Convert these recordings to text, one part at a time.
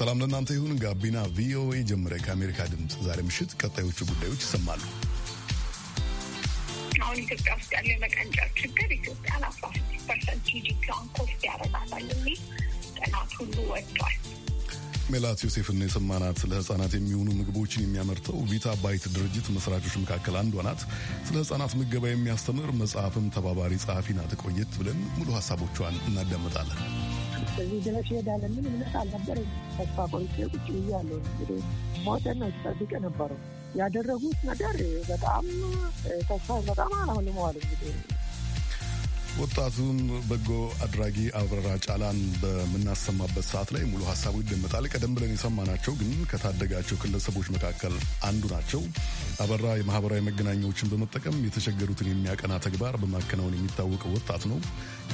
ሰላም ለእናንተ ይሁን። ጋቢና ቪኦኤ ጀምረ ከአሜሪካ ድምፅ ዛሬ ምሽት ቀጣዮቹ ጉዳዮች ይሰማሉ። አሁን ኢትዮጵያ ውስጥ ያለው የመቀንጨር ችግር ኢትዮጵያን አስራ ስድስት ፐርሰንት ጂዲፒዋን ኮስት ያደርጋታል የሚል ጥናት ሁሉ ወጥቷል። ሜላት ዮሴፍና የሰማናት ህጻናት የሚሆኑ ምግቦችን የሚያመርተው ቪታ ባይት ድርጅት መስራቾች መካከል አንዷ ናት። ስለ ህፃናት ምገባ የሚያስተምር መጽሐፍም ተባባሪ ጸሐፊ ናት። ቆየት ብለን ሙሉ ሀሳቦቿን እናዳምጣለን። በዚህ ድረስ ይሄዳል ምን እምነት አልነበረኝ። ተስፋ ቆርጬ ቁጭ ብያለሁ። እንግዲህ ሞተን ነው ስጠብቅ ነበረው ያደረጉት ነገር በጣም ተስፋ በጣም አላልመዋል እንግዲህ ወጣቱን በጎ አድራጊ አብረራ ጫላን በምናሰማበት ሰዓት ላይ ሙሉ ሀሳቡ ይደመጣል። ቀደም ብለን የሰማናቸው ግን ከታደጋቸው ግለሰቦች መካከል አንዱ ናቸው። አበራ የማህበራዊ መገናኛዎችን በመጠቀም የተቸገሩትን የሚያቀና ተግባር በማከናወን የሚታወቀ ወጣት ነው።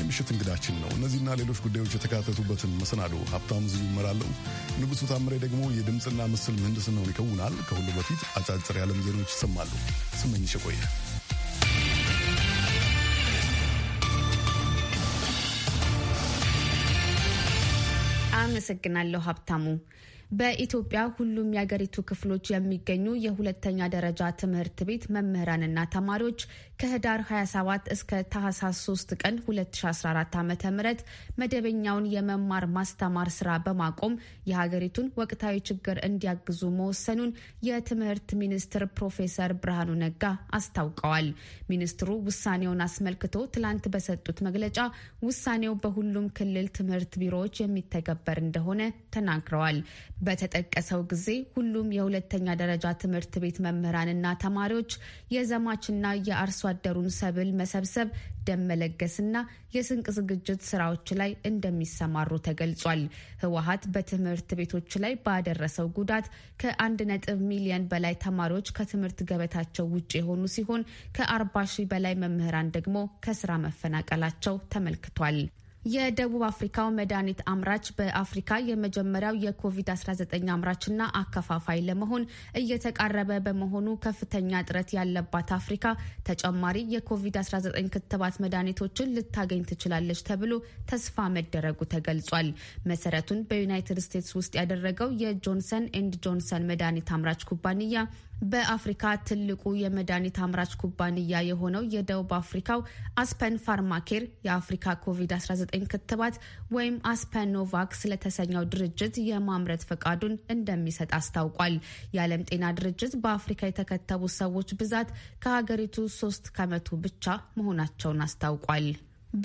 የምሽት እንግዳችን ነው። እነዚህና ሌሎች ጉዳዮች የተካተቱበትን መሰናዶ ሀብታም ዝዩ ይመራለሁ። ንጉሱ ታምሬ ደግሞ የድምፅና ምስል ምህንድስናውን ይከውናል። ከሁሉ በፊት አጫጭር የዓለም ዜናዎች ይሰማሉ። ስመኝሽ ቆየ አመሰግናለሁ ሀብታሙ። በኢትዮጵያ ሁሉም የአገሪቱ ክፍሎች የሚገኙ የሁለተኛ ደረጃ ትምህርት ቤት መምህራንና ተማሪዎች ከህዳር 27 እስከ ታህሳስ 3 ቀን 2014 ዓ ም መደበኛውን የመማር ማስተማር ስራ በማቆም የሀገሪቱን ወቅታዊ ችግር እንዲያግዙ መወሰኑን የትምህርት ሚኒስትር ፕሮፌሰር ብርሃኑ ነጋ አስታውቀዋል። ሚኒስትሩ ውሳኔውን አስመልክቶ ትላንት በሰጡት መግለጫ ውሳኔው በሁሉም ክልል ትምህርት ቢሮዎች የሚተገበር እንደሆነ ተናግረዋል። በተጠቀሰው ጊዜ ሁሉም የሁለተኛ ደረጃ ትምህርት ቤት መምህራንና ተማሪዎች የዘማችና የአርሶ አደሩን ሰብል መሰብሰብ፣ ደም መለገስና የስንቅ ዝግጅት ስራዎች ላይ እንደሚሰማሩ ተገልጿል። ህወሀት በትምህርት ቤቶች ላይ ባደረሰው ጉዳት ከአንድ ነጥብ ሚሊየን በላይ ተማሪዎች ከትምህርት ገበታቸው ውጭ የሆኑ ሲሆን ከአርባ ሺህ በላይ መምህራን ደግሞ ከስራ መፈናቀላቸው ተመልክቷል። የደቡብ አፍሪካው መድኃኒት አምራች በአፍሪካ የመጀመሪያው የኮቪድ-19 አምራችና አከፋፋይ ለመሆን እየተቃረበ በመሆኑ ከፍተኛ እጥረት ያለባት አፍሪካ ተጨማሪ የኮቪድ-19 ክትባት መድኃኒቶችን ልታገኝ ትችላለች ተብሎ ተስፋ መደረጉ ተገልጿል። መሰረቱን በዩናይትድ ስቴትስ ውስጥ ያደረገው የጆንሰን ኤንድ ጆንሰን መድኃኒት አምራች ኩባንያ በአፍሪካ ትልቁ የመድኃኒት አምራች ኩባንያ የሆነው የደቡብ አፍሪካው አስፐን ፋርማኬር የአፍሪካ ኮቪድ-19 ክትባት ወይም አስፐኖቫክስ ለተሰኘው ድርጅት የማምረት ፈቃዱን እንደሚሰጥ አስታውቋል። የዓለም ጤና ድርጅት በአፍሪካ የተከተቡ ሰዎች ብዛት ከሀገሪቱ ሶስት ከመቶ ብቻ መሆናቸውን አስታውቋል።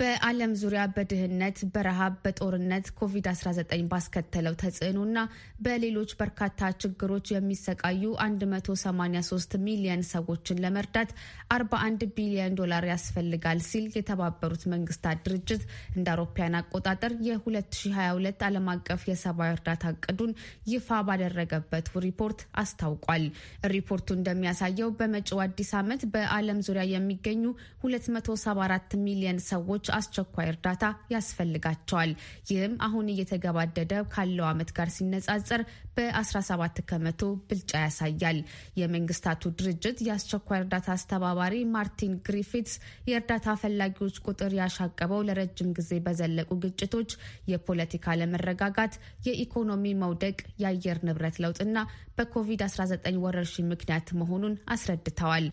በዓለም ዙሪያ በድህነት፣ በረሃብ፣ በጦርነት፣ ኮቪድ-19 ባስከተለው ተጽዕኖና በሌሎች በርካታ ችግሮች የሚሰቃዩ 183 ሚሊየን ሰዎችን ለመርዳት 41 ቢሊየን ዶላር ያስፈልጋል ሲል የተባበሩት መንግስታት ድርጅት እንደ አውሮፓያን አቆጣጠር የ2022 ዓለም አቀፍ የሰብአዊ እርዳታ እቅዱን ይፋ ባደረገበት ሪፖርት አስታውቋል። ሪፖርቱ እንደሚያሳየው በመጪው አዲስ ዓመት በዓለም ዙሪያ የሚገኙ 274 ሚሊየን ሰዎች ወገኖች አስቸኳይ እርዳታ ያስፈልጋቸዋል። ይህም አሁን እየተገባደደ ካለው ዓመት ጋር ሲነጻጸር በ17 ከመቶ ብልጫ ያሳያል። የመንግስታቱ ድርጅት የአስቸኳይ እርዳታ አስተባባሪ ማርቲን ግሪፊትስ የእርዳታ ፈላጊዎች ቁጥር ያሻቀበው ለረጅም ጊዜ በዘለቁ ግጭቶች፣ የፖለቲካ አለመረጋጋት፣ የኢኮኖሚ መውደቅ፣ የአየር ንብረት ለውጥና በኮቪድ-19 ወረርሽኝ ምክንያት መሆኑን አስረድተዋል።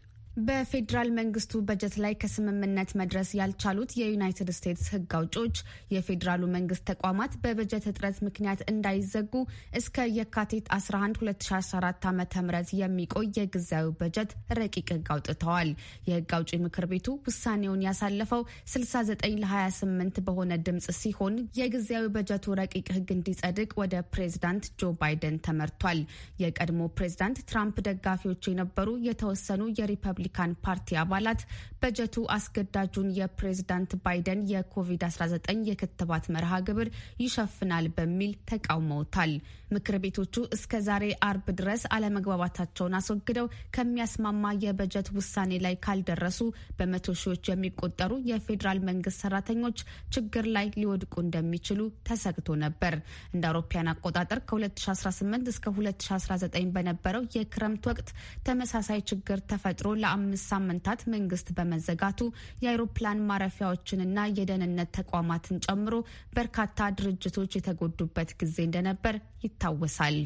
በፌዴራል መንግስቱ በጀት ላይ ከስምምነት መድረስ ያልቻሉት የዩናይትድ ስቴትስ ሕግ አውጪዎች የፌዴራሉ መንግስት ተቋማት በበጀት እጥረት ምክንያት እንዳይዘጉ እስከ የካቲት 11 2014 ዓ ም የሚቆይ የጊዜያዊ በጀት ረቂቅ ሕግ አውጥተዋል። የሕግ አውጪ ምክር ቤቱ ውሳኔውን ያሳለፈው 69 ለ28 በሆነ ድምፅ ሲሆን የጊዜያዊ በጀቱ ረቂቅ ሕግ እንዲጸድቅ ወደ ፕሬዝዳንት ጆ ባይደን ተመርቷል። የቀድሞ ፕሬዝዳንት ትራምፕ ደጋፊዎች የነበሩ የተወሰኑ የሪፐብሊ የሪፐብሊካን ፓርቲ አባላት በጀቱ አስገዳጁን የፕሬዝዳንት ባይደን የኮቪድ-19 የክትባት መርሃ ግብር ይሸፍናል በሚል ተቃውመውታል። ምክር ቤቶቹ እስከ ዛሬ አርብ ድረስ አለመግባባታቸውን አስወግደው ከሚያስማማ የበጀት ውሳኔ ላይ ካልደረሱ በመቶ ሺዎች የሚቆጠሩ የፌዴራል መንግስት ሰራተኞች ችግር ላይ ሊወድቁ እንደሚችሉ ተሰግቶ ነበር። እንደ አውሮፓያን አቆጣጠር ከ2018 እስከ 2019 በነበረው የክረምት ወቅት ተመሳሳይ ችግር ተፈጥሮ ለአ ለአምስት ሳምንታት መንግስት በመዘጋቱ የአይሮፕላን ማረፊያዎችንና የደህንነት ተቋማትን ጨምሮ በርካታ ድርጅቶች የተጎዱበት ጊዜ እንደነበር ይታወሳል።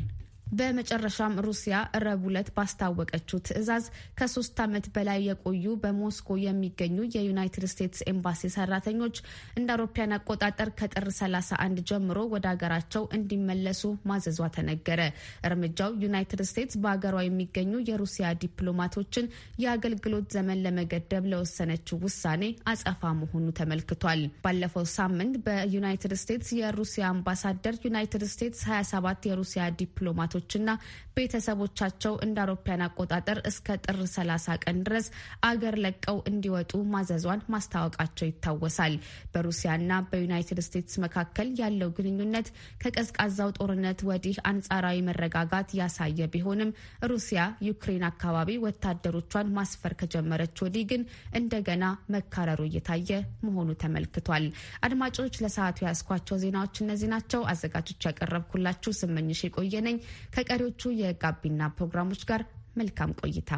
በመጨረሻም ሩሲያ ረቡዕ ዕለት ባስታወቀችው ትዕዛዝ ከሶስት ዓመት በላይ የቆዩ በሞስኮ የሚገኙ የዩናይትድ ስቴትስ ኤምባሲ ሰራተኞች እንደ አውሮፓውያን አቆጣጠር ከጥር 31 ጀምሮ ወደ ሀገራቸው እንዲመለሱ ማዘዟ ተነገረ። እርምጃው ዩናይትድ ስቴትስ በሀገሯ የሚገኙ የሩሲያ ዲፕሎማቶችን የአገልግሎት ዘመን ለመገደብ ለወሰነችው ውሳኔ አጸፋ መሆኑ ተመልክቷል። ባለፈው ሳምንት በዩናይትድ ስቴትስ የሩሲያ አምባሳደር ዩናይትድ ስቴትስ 27 የሩሲያ ዲፕሎማቶች ወላጆችና ቤተሰቦቻቸው እንደ አውሮፓያን አቆጣጠር እስከ ጥር 30 ቀን ድረስ አገር ለቀው እንዲወጡ ማዘዟን ማስታወቃቸው ይታወሳል። በሩሲያና በዩናይትድ ስቴትስ መካከል ያለው ግንኙነት ከቀዝቃዛው ጦርነት ወዲህ አንጻራዊ መረጋጋት ያሳየ ቢሆንም ሩሲያ ዩክሬን አካባቢ ወታደሮቿን ማስፈር ከጀመረች ወዲህ ግን እንደገና መካረሩ እየታየ መሆኑ ተመልክቷል። አድማጮች ለሰዓቱ ያስኳቸው ዜናዎች እነዚህ ናቸው። አዘጋጆች ያቀረብኩላችሁ ስመኝሽ የቆየነኝ ከቀሪዎቹ የጋቢና ፕሮግራሞች ጋር መልካም ቆይታ።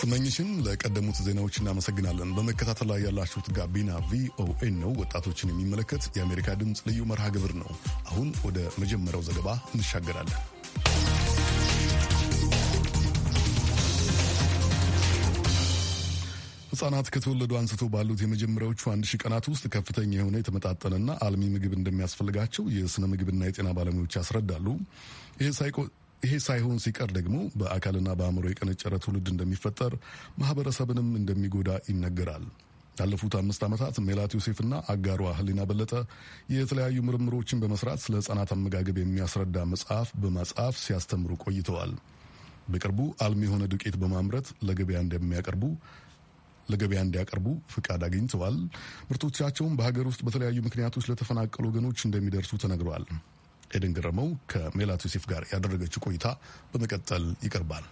ስመኝሽን ለቀደሙት ዜናዎች እናመሰግናለን። በመከታተል ላይ ያላችሁት ጋቢና ቪኦኤ ነው። ወጣቶችን የሚመለከት የአሜሪካ ድምፅ ልዩ መርሃ ግብር ነው። አሁን ወደ መጀመሪያው ዘገባ እንሻገራለን። ህጻናት ከተወለዱ አንስቶ ባሉት የመጀመሪያዎቹ አንድ ሺህ ቀናት ውስጥ ከፍተኛ የሆነ የተመጣጠነና አልሚ ምግብ እንደሚያስፈልጋቸው የስነ ምግብና የጤና ባለሙያዎች ያስረዳሉ። ይሄ ሳይሆን ሲቀር ደግሞ በአካልና በአእምሮ የቀነጨረ ትውልድ እንደሚፈጠር ማህበረሰብንም እንደሚጎዳ ይነገራል። ያለፉት አምስት ዓመታት ሜላት ዮሴፍና አጋሯ ህሊና በለጠ የተለያዩ ምርምሮችን በመስራት ስለ ህጻናት አመጋገብ የሚያስረዳ መጽሐፍ በመጽሐፍ ሲያስተምሩ ቆይተዋል። በቅርቡ አልሚ የሆነ ዱቄት በማምረት ለገበያ እንደሚያቀርቡ ለገበያ እንዲያቀርቡ ፍቃድ አግኝተዋል። ምርቶቻቸውም በሀገር ውስጥ በተለያዩ ምክንያቶች ለተፈናቀሉ ወገኖች እንደሚደርሱ ተነግረዋል። ኤደን ገረመው ከሜላት ዮሴፍ ጋር ያደረገችው ቆይታ በመቀጠል ይቀርባል።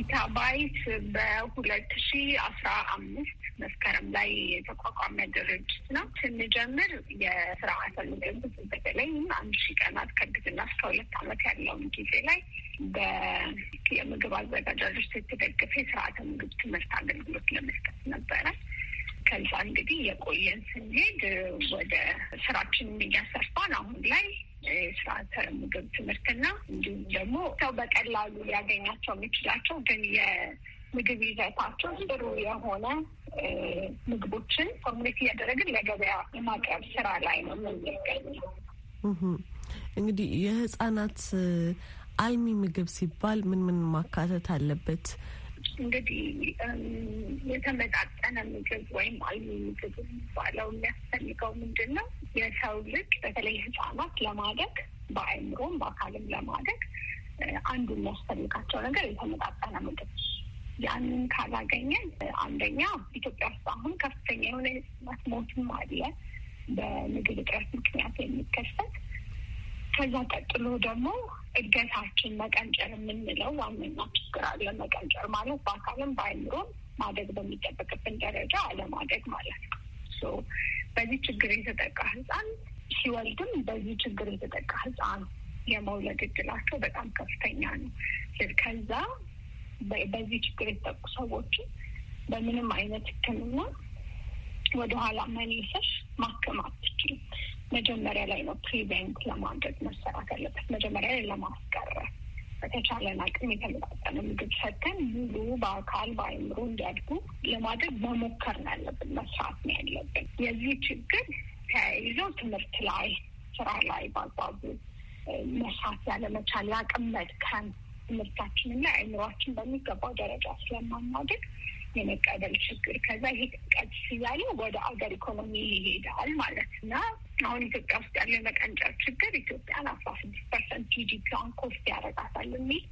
ኢታባይት በሁለት ሺ አስራ አምስት መስከረም ላይ የተቋቋመ ድርጅት ነው። ስንጀምር የስርዓተ ምግብ በተለይም አንድ ሺ ቀናት ከእርግዝና እስከ ሁለት አመት ያለውን ጊዜ ላይ በየምግብ አዘጋጃጆች የተደገፈ የስርዓተ ምግብ ትምህርት አገልግሎት ለመስጠት ነበረ። ከዛ እንግዲህ የቆየን ስንሄድ ወደ ስራችን እያሰርፋን አሁን ላይ ስርዓተ ምግብ ትምህርትና እንዲሁም ደግሞ ሰው በቀላሉ ሊያገኛቸው የሚችላቸው ግን የምግብ ይዘታቸው ጥሩ የሆነ ምግቦችን ኮሚኒቲ እያደረግን ለገበያ የማቅረብ ስራ ላይ ነው የምንገኘው። እንግዲህ የህጻናት አልሚ ምግብ ሲባል ምን ምን ማካተት አለበት? እንግዲህ የተመጣጠነ ምግብ ወይም አሉ ምግብ የሚባለው የሚያስፈልገው ምንድን ነው? የሰው ልጅ በተለይ ህጻናት ለማደግ በአእምሮም በአካልም ለማደግ አንዱ የሚያስፈልጋቸው ነገር የተመጣጠነ ምግብ ያንን ካላገኘ አንደኛ ኢትዮጵያ ውስጥ አሁን ከፍተኛ የሆነ የህጻናት ሞትም አለ በምግብ እጥረት ምክንያት የሚከሰት ከዛ ቀጥሎ ደግሞ እድገታችን መቀንጨር የምንለው ዋነኛ ችግር አለ። መቀንጨር ማለት በአካልም በአይምሮም ማደግ በሚጠበቅብን ደረጃ አለማደግ ማለት ነው። በዚህ ችግር የተጠቃ ህፃን ሲወልድም በዚህ ችግር የተጠቃ ህፃን የመውለድ እድላቸው በጣም ከፍተኛ ነው። ከዛ በዚህ ችግር የተጠቁ ሰዎችን በምንም አይነት ሕክምና ወደኋላ መመለስ ማከም አትችልም። መጀመሪያ ላይ ነው ፕሪቬንት ለማድረግ መሰራት ያለበት። መጀመሪያ ላይ ለማስቀረ በተቻለን አቅም የተመጣጠነ ምግብ ሰተን ሙሉ በአካል በአይምሮ እንዲያድጉ ለማድረግ መሞከር ነው ያለብን፣ መስራት ነው ያለብን። የዚህ ችግር ተያይዞ ትምህርት ላይ፣ ስራ ላይ በአግባቡ መስራት ያለመቻል፣ የአቅም መድከም ትምህርታችንና አይምሯችን በሚገባው ደረጃ ስለማናድግ የመቀበል ችግር ከዛ ይሄ ቀጭ እያለ ወደ አገር ኢኮኖሚ ይሄዳል ማለት እና አሁን ኢትዮጵያ ውስጥ ያለው የመቀንጨር ችግር ኢትዮጵያን አስራ ስድስት ፐርሰንት ጂዲፒዋን ኮስት ያደርጋታል የሚል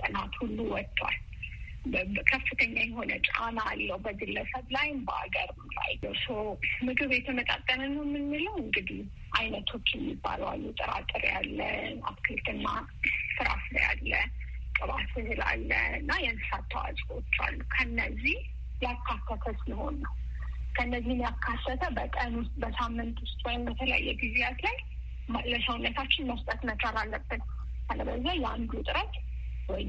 ጥናት ሁሉ ወጥቷል። ከፍተኛ የሆነ ጫና አለው በግለሰብ ላይም በሀገርም ላይ ሶ ምግብ የተመጣጠነ ነው የምንለው እንግዲህ አይነቶች የሚባሉ አሉ። ጥራጥሬ ያለ፣ አትክልትና ፍራፍሬ ያለ ቅባት እህል አለ እና የእንስሳት ተዋጽዎች አሉ። ከነዚህ ያካተተ ሲሆን ነው። ከነዚህም ያካተተ በቀን ውስጥ በሳምንት ውስጥ ወይም በተለያየ ጊዜያት ላይ ለሰውነታችን መስጠት መቻል አለብን። አለበለዚያ የአንዱ እጥረት ወይ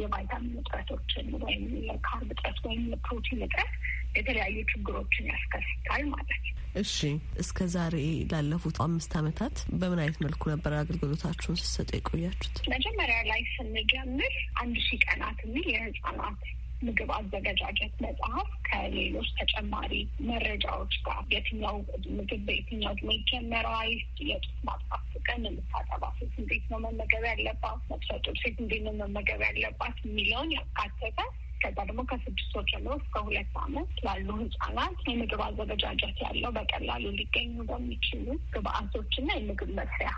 የቫይታሚን እጥረቶችን ወይም የካርብ እጥረት ወይም የፕሮቲን እጥረት የተለያዩ ችግሮችን ያስከስታል ማለት ነው። እሺ እስከ ዛሬ ላለፉት አምስት ዓመታት በምን አይነት መልኩ ነበር አገልግሎታችሁን ስሰጠ የቆያችሁት? መጀመሪያ ላይ ስንጀምር አንድ ሺህ ቀናት የሚል የህጻናት ምግብ አዘገጃጀት መጽሐፍ ከሌሎች ተጨማሪ መረጃዎች ጋር የትኛው ምግብ በየትኛው ዕድሜ ይጀመራል፣ የጡት ማጥፋት ቀን የምታጠባ ሴት እንዴት ነው መመገብ ያለባት፣ ነፍሰ ጡር ሴት እንዴት ነው መመገብ ያለባት የሚለውን ያካተተ ከዛ ደግሞ ከስድስት ወር ጀምሮ እስከ ሁለት ዓመት ላሉ ህጻናት የምግብ አዘገጃጀት ያለው በቀላሉ ሊገኙ በሚችሉ ግብአቶችና የምግብ መስሪያ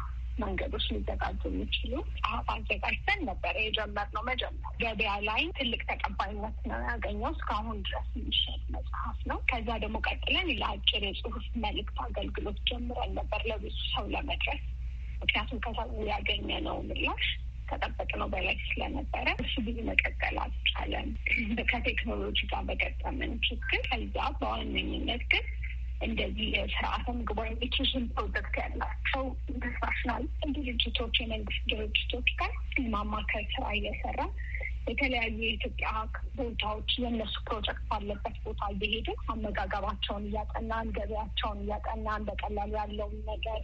መንገዶች ሊዘጋጁ የሚችሉ ጽሑፍ አዘጋጅተን ነበረ የጀመርነው። መጀመር ገበያ ላይ ትልቅ ተቀባይነት ነው ያገኘው። እስካሁን ድረስ የሚሸጥ መጽሐፍ ነው። ከዛ ደግሞ ቀጥለን ለአጭር የጽሁፍ መልእክት አገልግሎት ጀምረን ነበር ለብዙ ሰው ለመድረስ ምክንያቱም ከሰው ያገኘ ነው ምላሽ ከጠበቅነው በላይ ስለነበረ እሱ ብዙ መቀጠል አልቻለም። ከቴክኖሎጂ ጋር በገጠምን ችግር ከዛ በዋነኝነት ግን እንደዚህ የስርዓተ ምግብ ኤጁኬሽን ፕሮጀክት ያላቸው ኢንተርናሽናል ድርጅቶች፣ የመንግስት ድርጅቶች ጋር ማማከር ስራ እየሰራ የተለያዩ የኢትዮጵያ ቦታዎች የእነሱ ፕሮጀክት ባለበት ቦታ እየሄድን አመጋገባቸውን እያጠናን፣ ገበያቸውን እያጠናን፣ በቀላሉ ያለውን ነገር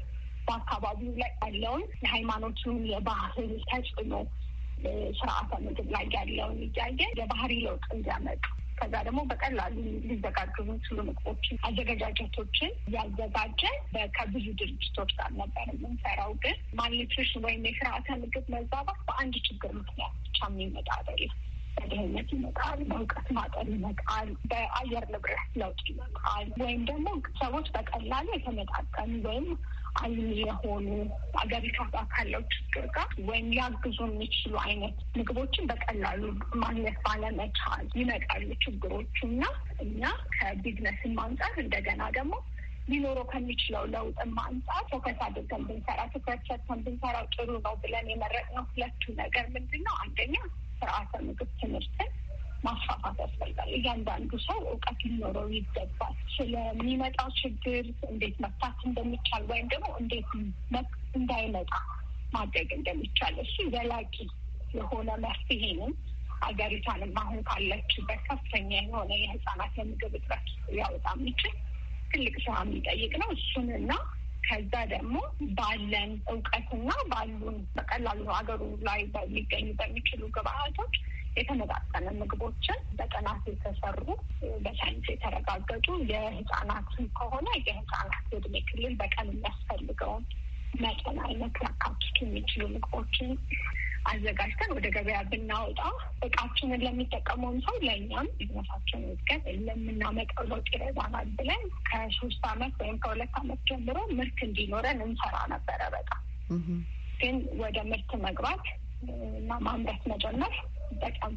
በአካባቢው ላይ ያለውን የሃይማኖቱን የባህል ተጽዕኖ ስርዓተ ምግብ ላይ ያለውን እያየ የባህሪ ለውጥ እንዲያመጡ ከዛ ደግሞ በቀላሉ ሊዘጋጁ የሚችሉ ምግቦችን አዘገጃጀቶችን እያዘጋጀ ከብዙ ድርጅቶች ጋር ነበር የምንሰራው። ግን ማልኒትሪሽን ወይም የስርዓተ ምግብ መዛባት በአንድ ችግር ምክንያት ብቻ የሚመጣ አይደለም። በድህነት ይመጣል፣ በእውቀት ማጠር ይመጣል፣ በአየር ንብረት ለውጥ ይመጣል፣ ወይም ደግሞ ሰዎች በቀላሉ የተመጣጠኑ ወይም አይን የሆኑ አገሪቷ ጋር ካለው ችግር ጋር ወይም ሊያግዙ የሚችሉ አይነት ምግቦችን በቀላሉ ማግኘት ባለመቻል ይመጣሉ ችግሮቹ እና እኛ ከቢዝነስም አንጻር እንደገና ደግሞ ሊኖረው ከሚችለው ለውጥም አንጻር ፎከስ አድርገን ብንሰራ ትኩረት ሰጥተን ብንሰራው ጥሩ ነው ብለን የመረጥነው ሁለቱ ነገር ምንድን ነው? አንደኛ ስርዓተ ምግብ ትምህርትን ማስፋፋት ያስፈልጋል። እያንዳንዱ ሰው እውቀት ሊኖረው ይገባል። ስለሚመጣው ችግር እንዴት መፍታት እንደሚቻል ወይም ደግሞ እንዴት እንዳይመጣ ማድረግ እንደሚቻል እሱ ዘላቂ የሆነ መፍትሄንም ሀገሪቷንም አሁን ካለችበት ከፍተኛ የሆነ የህጻናት የምግብ እጥረት ሊያወጣ የሚችል ትልቅ ስራ የሚጠይቅ ነው። እሱንና ከዛ ደግሞ ባለን እውቀትና ባሉን በቀላሉ ሀገሩ ላይ ሊገኙ በሚችሉ ግብአቶች የተመጣጠነ ምግቦችን በጥናት የተሰሩ በሳይንስ የተረጋገጡ የህጻናትን ከሆነ የህጻናት እድሜ ክልል በቀን የሚያስፈልገውን መጠን አይነት ሊያካትቱ የሚችሉ ምግቦችን አዘጋጅተን ወደ ገበያ ብናወጣ እቃችንን ለሚጠቀመውን ሰው ለእኛም ቢዝነሳችን እድገት ለምናመጣው ለውጥ ይረዳናል ብለን ከሶስት አመት ወይም ከሁለት አመት ጀምሮ ምርት እንዲኖረን እንሰራ ነበረ። በጣም ግን ወደ ምርት መግባት እና ማምረት መጀመር በጣም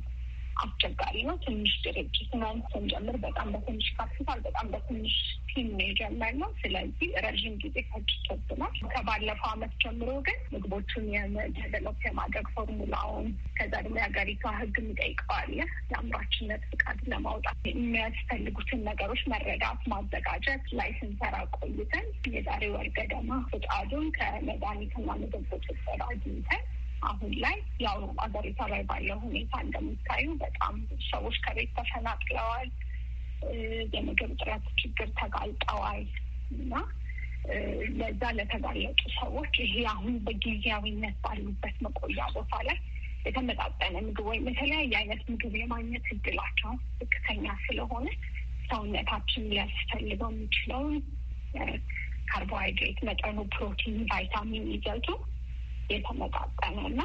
አስቸጋሪ ነው። ትንሽ ድርጅት ናን ስንጀምር በጣም በትንሽ ካፒታል፣ በጣም በትንሽ ቲም ነው የጀመርነው። ስለዚህ ረዥም ጊዜ ፈጅቶብናል። ከባለፈው አመት ጀምሮ ግን ምግቦቹን የደቨሎፕ የማድረግ ፎርሙላውን፣ ከዛ ደግሞ የሀገሪቷ ህግ የሚጠይቀዋል የአምራችነት ፍቃድ ለማውጣት የሚያስፈልጉትን ነገሮች መረዳት፣ ማዘጋጀት ላይ ስንሰራ ቆይተን የዛሬ ወር ገደማ ፍቃዱን ከመድኃኒትና ምግብ ቁጥጥር አግኝተን አሁን ላይ ያው አገሪቷ ላይ ባለው ሁኔታ እንደምታዩ በጣም ሰዎች ከቤት ተፈናቅለዋል፣ የምግብ ጥረት ችግር ተጋልጠዋል እና ለዛ ለተጋለጡ ሰዎች ይሄ አሁን በጊዜያዊነት ባሉበት መቆያ ቦታ ላይ የተመጣጠነ ምግብ ወይም የተለያየ አይነት ምግብ የማግኘት እድላቸው ዝቅተኛ ስለሆነ ሰውነታችን ሊያስፈልገው የሚችለውን ካርቦሃይድሬት መጠኑ፣ ፕሮቲን፣ ቫይታሚን ይዘቱ የተመጣጠነ እና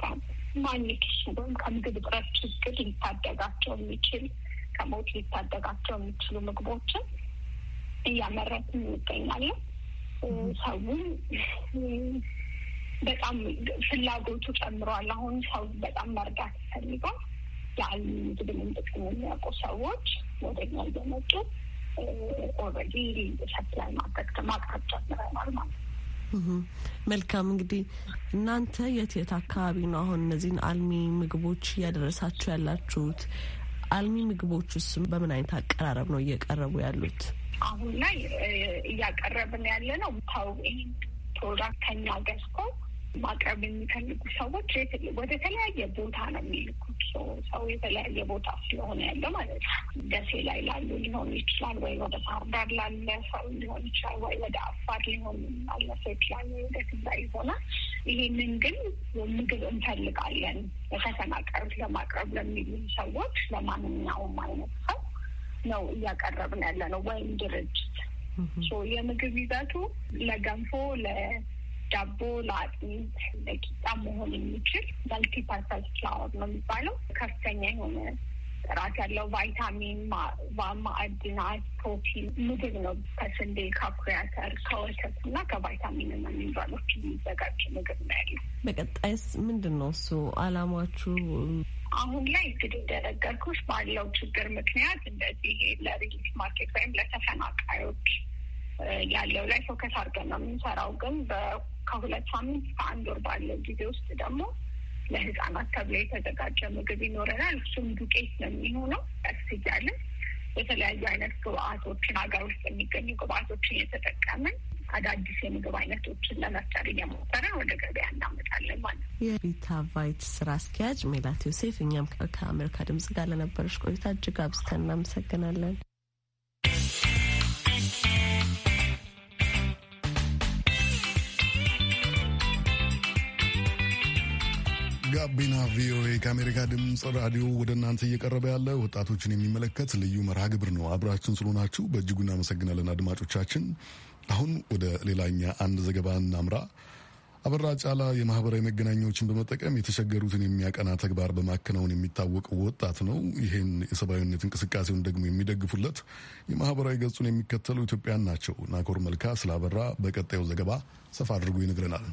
ከማግኒቱሽን ወይም ከምግብ እጥረት ችግር ሊታደጋቸው የሚችል ከሞት ሊታደጋቸው የሚችሉ ምግቦችን እያመረትን እንገኛለን። ሰውም በጣም ፍላጎቱ ጨምሯል። አሁን ሰው በጣም መርዳት ይፈልጋል። የአል ምግብንም ጥቅም የሚያውቁ ሰዎች ወደ እኛ እየመጡ ኦልሬዲ ሰፕላይ ማድረግ ማቅረብ ጨምረናል ማለት ነው። መልካም እንግዲህ እናንተ የት የት አካባቢ ነው አሁን እነዚህን አልሚ ምግቦች እያደረሳችሁ ያላችሁት? አልሚ ምግቦች ውስጥ በምን አይነት አቀራረብ ነው እየቀረቡ ያሉት? አሁን ላይ እያቀረብን ያለ ነው ታው ፕሮዳክት ከኛ ገዝተው ማቅረብ የሚፈልጉ ሰዎች ወደ ተለያየ ቦታ ነው የሚልኩት። ሰው የተለያየ ቦታ ስለሆነ ያለ ማለት ነው። ደሴ ላይ ላሉ ሊሆን ይችላል፣ ወይ ወደ ባህር ዳር ላለ ሰው ሊሆን ይችላል፣ ወይ ወደ አፋር ሊሆን ላለ ሰው ይችላል፣ ወይ ወደ ትዛ ይሆናል። ይሄንን ግን ምግብ እንፈልጋለን ለተፈናቃዮች ለማቅረብ ለሚሉ ሰዎች ለማንኛውም አይነት ሰው ነው እያቀረብን ያለ ነው። ወይም ድርጅት የምግብ ይዘቱ ለገንፎ ዳቦ ለአጥሚት ለቂጣ መሆን የሚችል መልቲፐርፐዝ ፍላወር ነው የሚባለው። ከፍተኛ የሆነ ጥራት ያለው ቫይታሚን፣ ማዕድናት፣ ፕሮቲን ምግብ ነው። ከስንዴ ከኩሪያተር፣ ከወተት እና ከቫይታሚን እና ሚኒራሎች የሚዘጋጅ ምግብ ነው ያለው። በቀጣይስ ምንድን ነው እሱ አላማችሁ? አሁን ላይ እንግዲህ እንደነገርኩሽ ባለው ችግር ምክንያት እንደዚህ ለሪሊፍ ማርኬት ወይም ለተፈናቃዮች ያለው ላይ ፎከስ አድርገን ነው የምንሰራው። ግን ከሁለት ሳምንት ከአንድ ወር ባለው ጊዜ ውስጥ ደግሞ ለህፃናት ተብሎ የተዘጋጀ ምግብ ይኖረናል። እሱም ዱቄት ነው የሚሆነው። ቀስ እያለን የተለያዩ አይነት ግብአቶችን ሀገር ውስጥ የሚገኙ ግብአቶችን የተጠቀምን አዳዲስ የምግብ አይነቶችን ለመፍጠር እየሞከረን ወደ ገበያ እናመጣለን ማለት ነው። የቪታ ቫይት ስራ አስኪያጅ ሜላት ዮሴፍ፣ እኛም ከአሜሪካ ድምጽ ጋር ለነበረች ቆይታ እጅግ አብዝተን እናመሰግናለን። ጋቢና ቪኦኤ ከአሜሪካ ድምፅ ራዲዮ ወደ እናንተ እየቀረበ ያለ ወጣቶችን የሚመለከት ልዩ መርሃ ግብር ነው። አብራችን ስለሆናችሁ በእጅጉ እናመሰግናለን አድማጮቻችን። አሁን ወደ ሌላኛ አንድ ዘገባ እናምራ። አበራ ጫላ የማህበራዊ መገናኛዎችን በመጠቀም የተቸገሩትን የሚያቀና ተግባር በማከናወን የሚታወቅ ወጣት ነው። ይህን የሰብአዊነት እንቅስቃሴውን ደግሞ የሚደግፉለት የማህበራዊ ገጹን የሚከተሉ ኢትዮጵያን ናቸው። ናኮር መልካ ስለ አበራ በቀጣዩ ዘገባ ሰፋ አድርጎ ይነግረናል።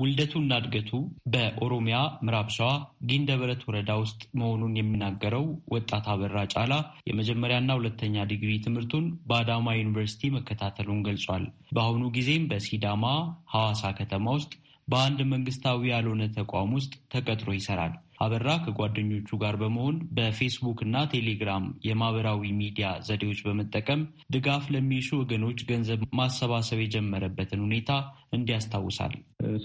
ውልደቱና እድገቱ በኦሮሚያ ምዕራብ ሸዋ ጊንደበረት ወረዳ ውስጥ መሆኑን የሚናገረው ወጣት አበራ ጫላ የመጀመሪያና ሁለተኛ ዲግሪ ትምህርቱን በአዳማ ዩኒቨርሲቲ መከታተሉን ገልጿል። በአሁኑ ጊዜም በሲዳማ ሐዋሳ ከተማ ውስጥ በአንድ መንግስታዊ ያልሆነ ተቋም ውስጥ ተቀጥሮ ይሰራል። አበራ ከጓደኞቹ ጋር በመሆን በፌስቡክ እና ቴሌግራም የማህበራዊ ሚዲያ ዘዴዎች በመጠቀም ድጋፍ ለሚሹ ወገኖች ገንዘብ ማሰባሰብ የጀመረበትን ሁኔታ እንዲያስታውሳል።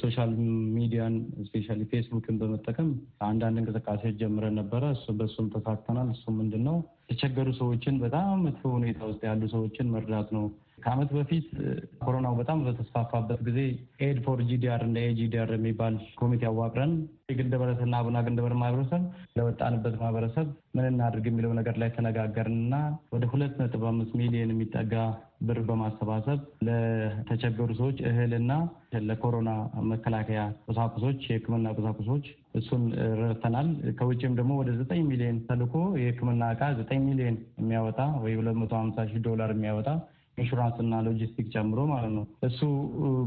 ሶሻል ሚዲያን እስፔሻሊ ፌስቡክን በመጠቀም አንዳንድ እንቅስቃሴዎች ጀምረን ነበረ። በሱም ተሳትፈናል። እሱ ምንድን ነው የተቸገሩ ሰዎችን በጣም መጥፎ ሁኔታ ውስጥ ያሉ ሰዎችን መርዳት ነው ከዓመት በፊት ኮሮናው በጣም በተስፋፋበት ጊዜ ኤድ ፎር ጂዲአር እንደ ኤጂዲአር የሚባል ኮሚቴ አዋቅረን የግል ደብረሰብና አቡና ግንደበር ማህበረሰብ ለወጣንበት ማህበረሰብ ምን እናድርግ የሚለው ነገር ላይ ተነጋገርንና ወደ ሁለት ነጥብ አምስት ሚሊዮን የሚጠጋ ብር በማሰባሰብ ለተቸገሩ ሰዎች እህልና ለኮሮና መከላከያ ቁሳቁሶች፣ የሕክምና ቁሳቁሶች እሱን ረድተናል። ከውጭም ደግሞ ወደ ዘጠኝ ሚሊዮን ተልኮ የሕክምና እቃ ዘጠኝ ሚሊዮን የሚያወጣ ወይ ሁለት መቶ ሀምሳ ሺህ ዶላር የሚያወጣ ኢንሹራንስ እና ሎጂስቲክ ጨምሮ ማለት ነው። እሱ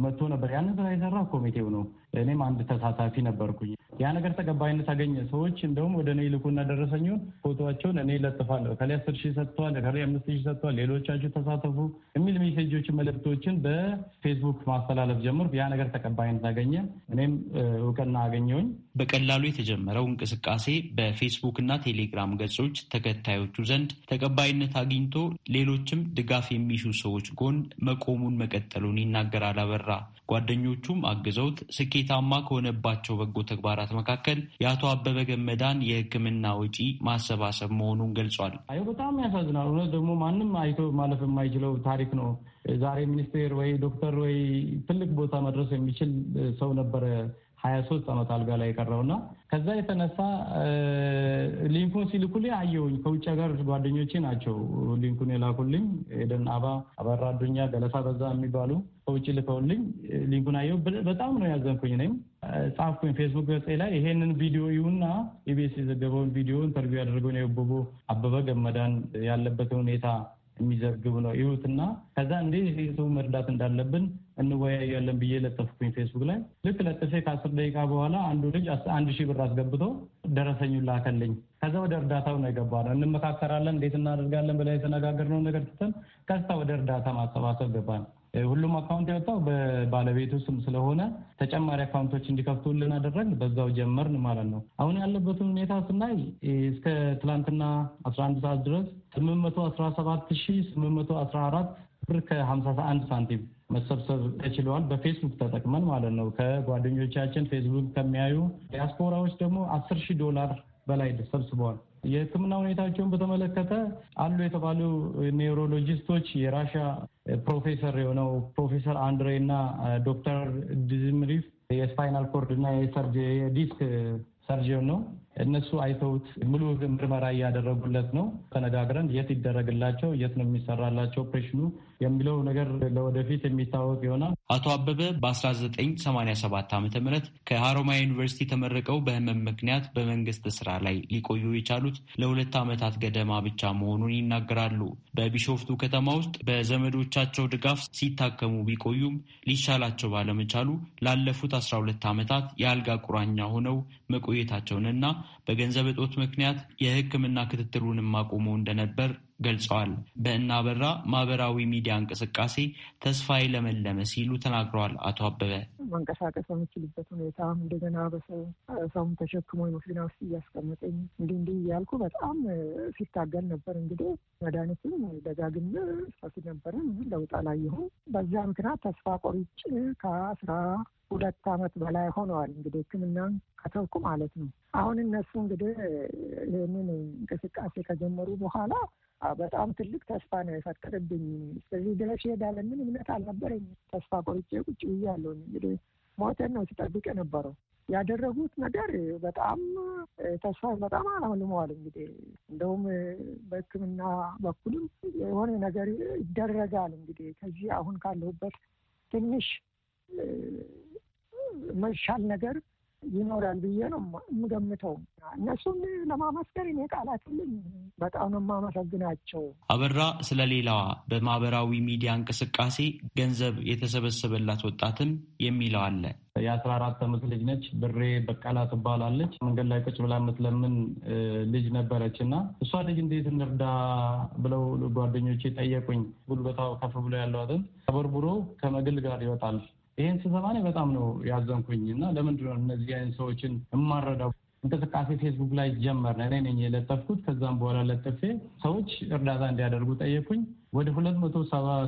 መጥቶ ነበር። ያንን ስራ የሰራ ኮሚቴው ነው። እኔም አንድ ተሳታፊ ነበርኩኝ። ያ ነገር ተቀባይነት አገኘ። ሰዎች እንደውም ወደ እኔ ይልኩና ደረሰኙን ፎቶቸውን እኔ ይለጥፋለሁ። ከላይ አስር ሺህ ሰጥተዋል፣ ከላይ አምስት ሺህ ሰጥተዋል፣ ሌሎቻችሁ ተሳተፉ የሚል ሜሴጆችን፣ መልእክቶችን በፌስቡክ ማስተላለፍ ጀምር። ያ ነገር ተቀባይነት አገኘ። እኔም እውቅና አገኘውኝ። በቀላሉ የተጀመረው እንቅስቃሴ በፌስቡክ እና ቴሌግራም ገጾች ተከታዮቹ ዘንድ ተቀባይነት አግኝቶ ሌሎችም ድጋፍ የሚሹ ሰዎች ጎን መቆሙን መቀጠሉን ይናገራል አበራ። ጓደኞቹም አግዘውት ስኬ ስኬታማ ከሆነባቸው በጎ ተግባራት መካከል የአቶ አበበ ገመዳን የሕክምና ወጪ ማሰባሰብ መሆኑን ገልጿል። አይ በጣም ያሳዝናል። እውነት ደግሞ ማንም አይቶ ማለፍ የማይችለው ታሪክ ነው። ዛሬ ሚኒስቴር ወይ ዶክተር ወይ ትልቅ ቦታ መድረስ የሚችል ሰው ነበረ ሀያ ሶስት ዓመት አልጋ ላይ የቀረውና ከዛ የተነሳ ሊንኩን ሲልኩልኝ አየውኝ ከውጭ ሀገር ጓደኞቼ ናቸው ሊንኩን የላኩልኝ። ኤደን አባ፣ አበራ አዱኛ፣ ገለሳ በዛ የሚባሉ ከውጭ ልከውልኝ ሊንኩን አየው በጣም ነው ያዘንኩኝ። ነኝ ጻፍኩኝ ፌስቡክ ገጽ ላይ ይሄንን ቪዲዮ ይሁና ኢቢኤስ የዘገበውን ቪዲዮ ኢንተርቪው ያደረገውን የበቦ አበበ ገመዳን ያለበትን ሁኔታ የሚዘግብ ነው ይሁትና ከዛ እንዴ ሰው መርዳት እንዳለብን እንወያያለን ብዬ ለጠፍኩኝ ፌስቡክ ላይ ልክ ለጥፌ ከአስር ደቂቃ በኋላ አንዱ ልጅ አንድ ሺህ ብር አስገብቶ ደረሰኙን ላከልኝ። ከዛ ወደ እርዳታው ነው የገባነው። እንመካከራለን እንዴት እናደርጋለን ብላ የተነጋገርነው ነገር ትተን ከዛ ወደ እርዳታ ማሰባሰብ ገባን። ሁሉም አካውንት የወጣው በባለቤቱ ስም ስለሆነ ተጨማሪ አካውንቶች እንዲከፍቱልን አደረግን። በዛው ጀመርን ማለት ነው። አሁን ያለበትን ሁኔታ ስናይ እስከ ትላንትና 11 ሰዓት ድረስ መቶ አስራ አራት ብር ከሀምሳ አንድ ሳንቲም መሰብሰብ ተችለዋል። በፌስቡክ ተጠቅመን ማለት ነው። ከጓደኞቻችን ፌስቡክ ከሚያዩ ዲያስፖራዎች ደግሞ አስር ሺህ ዶላር በላይ ሰብስበዋል። የሕክምና ሁኔታቸውን በተመለከተ አሉ የተባሉ ኔውሮሎጂስቶች የራሻ ፕሮፌሰር የሆነው ፕሮፌሰር አንድሬ እና ዶክተር ዲዝምሪፍ የስፓይናል ኮርድ እና የዲስክ ሰርጂዮን ነው እነሱ አይተውት ሙሉ ምርመራ እያደረጉለት ነው። ተነጋግረን የት ይደረግላቸው፣ የት ነው የሚሰራላቸው ኦፕሬሽኑ የሚለው ነገር ለወደፊት የሚታወቅ ይሆናል። አቶ አበበ በ1987 ዓ ም ከሀሮማያ ዩኒቨርሲቲ ተመርቀው በህመም ምክንያት በመንግስት ስራ ላይ ሊቆዩ የቻሉት ለሁለት ዓመታት ገደማ ብቻ መሆኑን ይናገራሉ። በቢሾፍቱ ከተማ ውስጥ በዘመዶቻቸው ድጋፍ ሲታከሙ ቢቆዩም ሊሻላቸው ባለመቻሉ ላለፉት 12 ዓመታት የአልጋ ቁራኛ ሆነው መቆየታቸውንና በገንዘብ እጦት ምክንያት የሕክምና ክትትሉንም አቁሞ እንደነበር ገልጸዋል። በእናበራ ማህበራዊ ሚዲያ እንቅስቃሴ ተስፋ ለመለመ ሲሉ ተናግረዋል። አቶ አበበ መንቀሳቀስ በምችልበት ሁኔታ እንደገና በሰውም ተሸክሞ መኪና ውስጥ እያስቀመጠኝ እንዲህ እንዲህ እያልኩ በጣም ሲታገል ነበር። እንግዲህ መድኃኒትም ደጋግም ሰፊ ነበረ ለውጥ አላየሁም። በዛ ምክንያት ተስፋ ቆርጬ ከአስራ ሁለት ዓመት በላይ ሆነዋል። እንግዲህ ሕክምና ከተውኩ ማለት ነው። አሁን እነሱ እንግዲህ ይህንን እንቅስቃሴ ከጀመሩ በኋላ በጣም ትልቅ ተስፋ ነው የፈጠርብኝ። እስከዚህ ድረስ ይሄዳል ምን እምነት አልነበረኝ። ተስፋ ቆርጬ ቁጭ ብያለሁ። እንግዲህ ሞተን ነው ስጠብቅ የነበረው። ያደረጉት ነገር በጣም ተስፋ በጣም ልመዋል እንግዲህ እንደውም በሕክምና በኩልም የሆነ ነገር ይደረጋል። እንግዲህ ከዚህ አሁን ካለሁበት ትንሽ መሻል ነገር ይኖራል ብዬ ነው የምገምተው። እነሱን ለማመስገር እኔ ቃላት ልኝ በጣም ነው የማመሰግናቸው። አበራ ስለ ሌላዋ በማህበራዊ ሚዲያ እንቅስቃሴ ገንዘብ የተሰበሰበላት ወጣትም የሚለው አለ። የአስራ አራት ዓመት ልጅ ነች። ብሬ በቃላ ትባላለች። መንገድ ላይ ቁጭ ብላ የምትለምን ልጅ ነበረች እና እሷ ልጅ እንዴት እንርዳ ብለው ጓደኞቼ ጠየቁኝ። ጉልበታው ከፍ ብሎ ያለዋትን ተበርብሮ ከመግል ጋር ይወጣል ይህን ስሰማ እኔ በጣም ነው ያዘንኩኝ እና ለምንድነው እነዚህ አይነት ሰዎችን የማረዳው? እንቅስቃሴ ፌስቡክ ላይ ጀመር እኔ ነኝ የለጠፍኩት። ከዛም በኋላ ለጥፌ ሰዎች እርዳታ እንዲያደርጉ ጠየኩኝ። ወደ ሁለት መቶ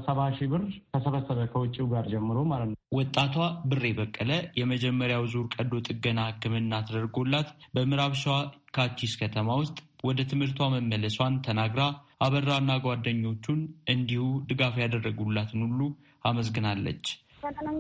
ሰባ ሺህ ብር ተሰበሰበ ከውጭው ጋር ጀምሮ ማለት ነው። ወጣቷ ብሬ በቀለ የመጀመሪያው ዙር ቀዶ ጥገና ሕክምና ተደርጎላት በምዕራብ ሸዋ ካቺስ ከተማ ውስጥ ወደ ትምህርቷ መመለሷን ተናግራ አበራና ጓደኞቹን እንዲሁ ድጋፍ ያደረጉላትን ሁሉ አመስግናለች። sana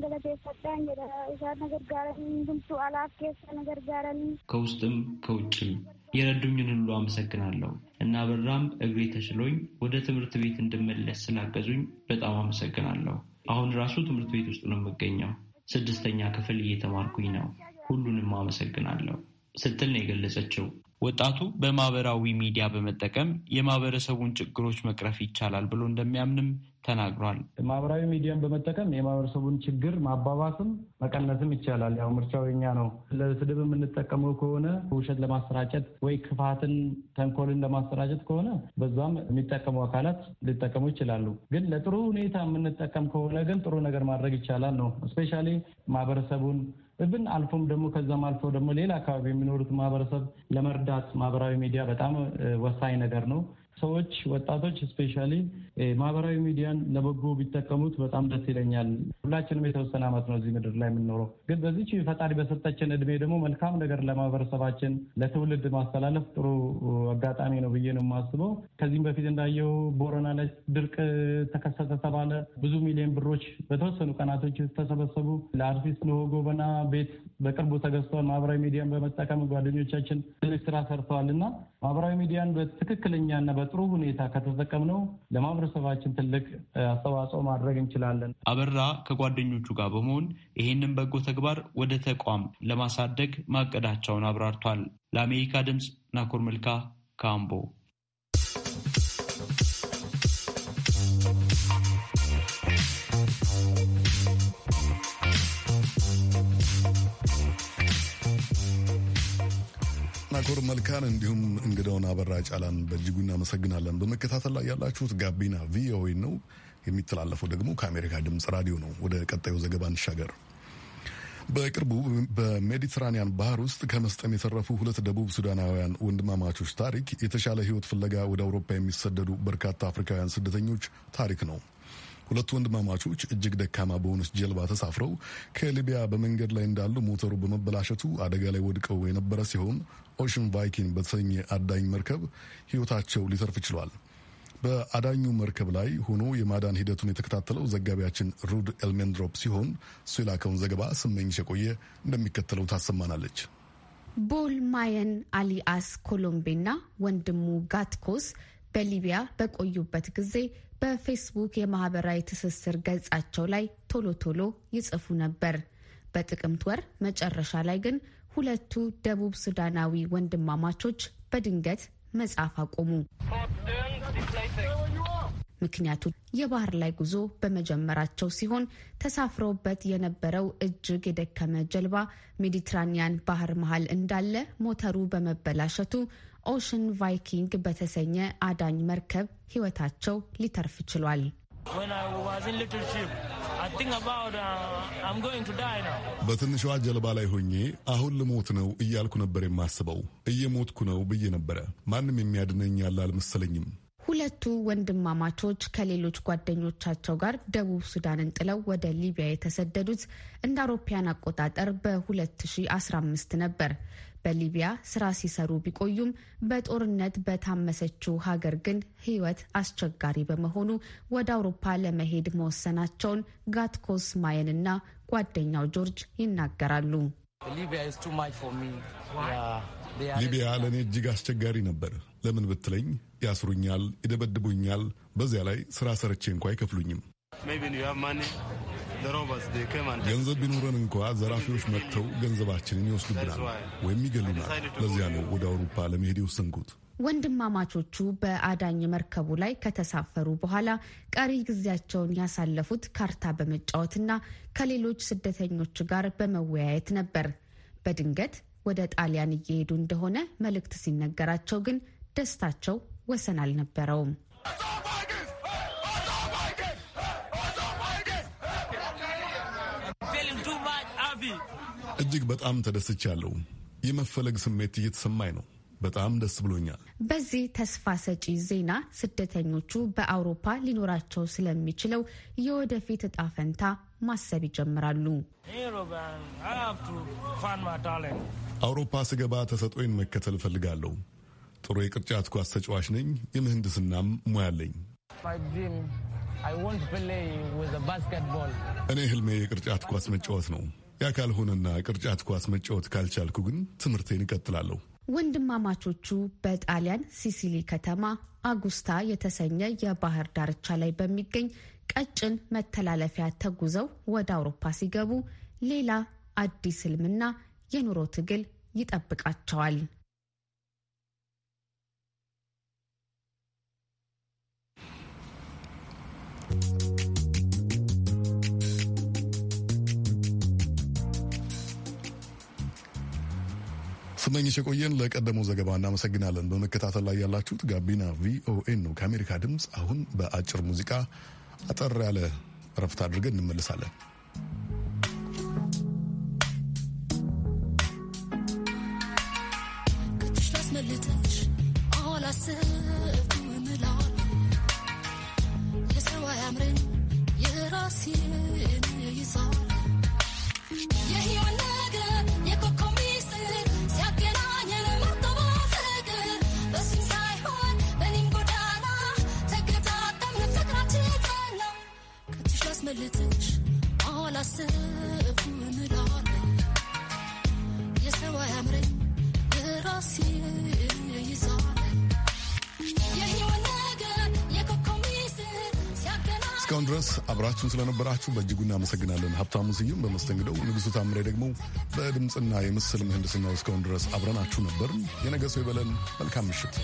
ከውስጥም ከውጭም የረዱኝን ሁሉ አመሰግናለሁ እና በራም እግሬ ተሽሎኝ ወደ ትምህርት ቤት እንድመለስ ስላገዙኝ በጣም አመሰግናለሁ። አሁን ራሱ ትምህርት ቤት ውስጥ ነው የምገኘው። ስድስተኛ ክፍል እየተማርኩኝ ነው። ሁሉንም አመሰግናለሁ ስትል ነው የገለጸችው። ወጣቱ በማህበራዊ ሚዲያ በመጠቀም የማህበረሰቡን ችግሮች መቅረፍ ይቻላል ብሎ እንደሚያምንም ተናግሯል። ማህበራዊ ሚዲያን በመጠቀም የማህበረሰቡን ችግር ማባባስም መቀነስም ይቻላል። ያው ምርጫው የኛ ነው። ለስድብ የምንጠቀመው ከሆነ ውሸት ለማሰራጨት ወይ ክፋትን፣ ተንኮልን ለማሰራጨት ከሆነ በዛም የሚጠቀሙ አካላት ሊጠቀሙ ይችላሉ። ግን ለጥሩ ሁኔታ የምንጠቀም ከሆነ ግን ጥሩ ነገር ማድረግ ይቻላል ነው እስፔሻሊ ማህበረሰቡን እብን አልፎም ደግሞ ከዛም አልፎ ደግሞ ሌላ አካባቢ የሚኖሩት ማህበረሰብ ለመርዳት ማህበራዊ ሚዲያ በጣም ወሳኝ ነገር ነው። ሰዎች፣ ወጣቶች ስፔሻሊ ማህበራዊ ሚዲያን ለበጎ ቢጠቀሙት በጣም ደስ ይለኛል። ሁላችንም የተወሰነ አመት ነው እዚህ ምድር ላይ የምንኖረው፣ ግን በዚች ፈጣሪ በሰጠችን እድሜ ደግሞ መልካም ነገር ለማህበረሰባችን ለትውልድ ማስተላለፍ ጥሩ አጋጣሚ ነው ብዬ ነው የማስበው። ከዚህም በፊት እንዳየው ቦረና ላይ ድርቅ ተከሰተ ተባለ። ብዙ ሚሊዮን ብሮች በተወሰኑ ቀናቶች ተሰበሰቡ። ለአርቲስት ንሆ ጎበና ቤት በቅርቡ ተገዝተዋል። ማህበራዊ ሚዲያን በመጠቀም ጓደኞቻችን ስራ ሰርተዋል እና ማህበራዊ ሚዲያን በትክክለኛና በጥሩ ሁኔታ ከተጠቀምነው ለማህበረሰባችን ትልቅ አስተዋጽኦ ማድረግ እንችላለን። አበራ ከጓደኞቹ ጋር በመሆን ይህንን በጎ ተግባር ወደ ተቋም ለማሳደግ ማቀዳቸውን አብራርቷል። ለአሜሪካ ድምፅ ናኮር መልካ ካምቦ አቶር መልካን እንዲሁም እንግዳውን አበራ ጫላን በእጅጉ እናመሰግናለን። በመከታተል ላይ ያላችሁት ጋቢና ቪኦኤ ነው። የሚተላለፈው ደግሞ ከአሜሪካ ድምፅ ራዲዮ ነው። ወደ ቀጣዩ ዘገባ እንሻገር። በቅርቡ በሜዲትራኒያን ባህር ውስጥ ከመስጠም የተረፉ ሁለት ደቡብ ሱዳናውያን ወንድማማቾች ታሪክ የተሻለ ሕይወት ፍለጋ ወደ አውሮፓ የሚሰደዱ በርካታ አፍሪካውያን ስደተኞች ታሪክ ነው። ሁለቱ ወንድማማቾች እጅግ ደካማ በሆነች ጀልባ ተሳፍረው ከሊቢያ በመንገድ ላይ እንዳሉ ሞተሩ በመበላሸቱ አደጋ ላይ ወድቀው የነበረ ሲሆን ኦሽን ቫይኪንግ በተሰኘ አዳኝ መርከብ ሕይወታቸው ሊተርፍ ችሏል። በአዳኙ መርከብ ላይ ሆኖ የማዳን ሂደቱን የተከታተለው ዘጋቢያችን ሩድ ኤልሜንድሮፕ ሲሆን እሱ የላከውን ዘገባ ስመኝሽ የቆየ እንደሚከተለው ታሰማናለች። ቦል ማየን አሊአስ ኮሎምቤና ወንድሙ ጋትኮስ በሊቢያ በቆዩበት ጊዜ በፌስቡክ የማህበራዊ ትስስር ገጻቸው ላይ ቶሎ ቶሎ ይጽፉ ነበር። በጥቅምት ወር መጨረሻ ላይ ግን ሁለቱ ደቡብ ሱዳናዊ ወንድማማቾች በድንገት መጻፍ አቆሙ። ምክንያቱ የባህር ላይ ጉዞ በመጀመራቸው ሲሆን ተሳፍረውበት የነበረው እጅግ የደከመ ጀልባ ሜዲትራኒያን ባህር መሀል እንዳለ ሞተሩ በመበላሸቱ ኦሽን ቫይኪንግ በተሰኘ አዳኝ መርከብ ህይወታቸው ሊተርፍ ችሏል። uh, በትንሿ ጀልባ ላይ ሆኜ አሁን ልሞት ነው እያልኩ ነበር የማስበው። እየሞትኩ ነው ብዬ ነበረ። ማንም የሚያድነኝ ያለ አልመሰለኝም። ሁለቱ ወንድማማቾች ከሌሎች ጓደኞቻቸው ጋር ደቡብ ሱዳንን ጥለው ወደ ሊቢያ የተሰደዱት እንደ አውሮፓያን አቆጣጠር በ2015 ነበር። በሊቢያ ስራ ሲሰሩ ቢቆዩም በጦርነት በታመሰችው ሀገር ግን ሕይወት አስቸጋሪ በመሆኑ ወደ አውሮፓ ለመሄድ መወሰናቸውን ጋትኮስ ማየን እና ጓደኛው ጆርጅ ይናገራሉ። ሊቢያ ለእኔ እጅግ አስቸጋሪ ነበር። ለምን ብትለኝ ያስሩኛል፣ ይደበድቡኛል። በዚያ ላይ ስራ ሰርቼ እንኳ አይከፍሉኝም። ገንዘብ ቢኖረን እንኳ ዘራፊዎች መጥተው ገንዘባችንን ይወስዱብናል ወይም ይገሉናል። ለዚያ ነው ወደ አውሮፓ ለመሄድ የወሰንኩት። ወንድማማቾቹ በአዳኝ መርከቡ ላይ ከተሳፈሩ በኋላ ቀሪ ጊዜያቸውን ያሳለፉት ካርታ በመጫወትና ከሌሎች ስደተኞች ጋር በመወያየት ነበር። በድንገት ወደ ጣሊያን እየሄዱ እንደሆነ መልእክት ሲነገራቸው ግን ደስታቸው ወሰን አልነበረውም። እጅግ በጣም ተደስቻለሁ። የመፈለግ ስሜት እየተሰማኝ ነው። በጣም ደስ ብሎኛል። በዚህ ተስፋ ሰጪ ዜና ስደተኞቹ በአውሮፓ ሊኖራቸው ስለሚችለው የወደፊት እጣ ፈንታ ማሰብ ይጀምራሉ። አውሮፓ ስገባ ተሰጥኦን መከተል እፈልጋለሁ። ጥሩ የቅርጫት ኳስ ተጫዋች ነኝ። የምህንድስናም ሙያለኝ። እኔ ህልሜ የቅርጫት ኳስ መጫወት ነው። ያ ካልሆነና ቅርጫት ኳስ መጫወት ካልቻልኩ ግን ትምህርቴን እቀጥላለሁ። ወንድማማቾቹ በጣሊያን ሲሲሊ ከተማ አጉስታ የተሰኘ የባህር ዳርቻ ላይ በሚገኝ ቀጭን መተላለፊያ ተጉዘው ወደ አውሮፓ ሲገቡ ሌላ አዲስ ህልምና የኑሮ ትግል ይጠብቃቸዋል። ስመኝሽ የቆየን ለቀደመው ዘገባ እናመሰግናለን። በመከታተል ላይ ያላችሁት ጋቢና ቪኦኤን ነው ከአሜሪካ ድምፅ። አሁን በአጭር ሙዚቃ አጠር ያለ እረፍት አድርገን እንመልሳለን። እስካሁን ድረስ አብራችሁን ስለነበራችሁ በእጅጉ እናመሰግናለን። ሀብታሙ ስዩም በመስተንግደው፣ ንጉሱ ታምሬ ደግሞ በድምፅና የምስል ምህንድስናው እስካሁን ድረስ አብረናችሁ ነበርን። የነገ ሰው ይበለን። መልካም ምሽት።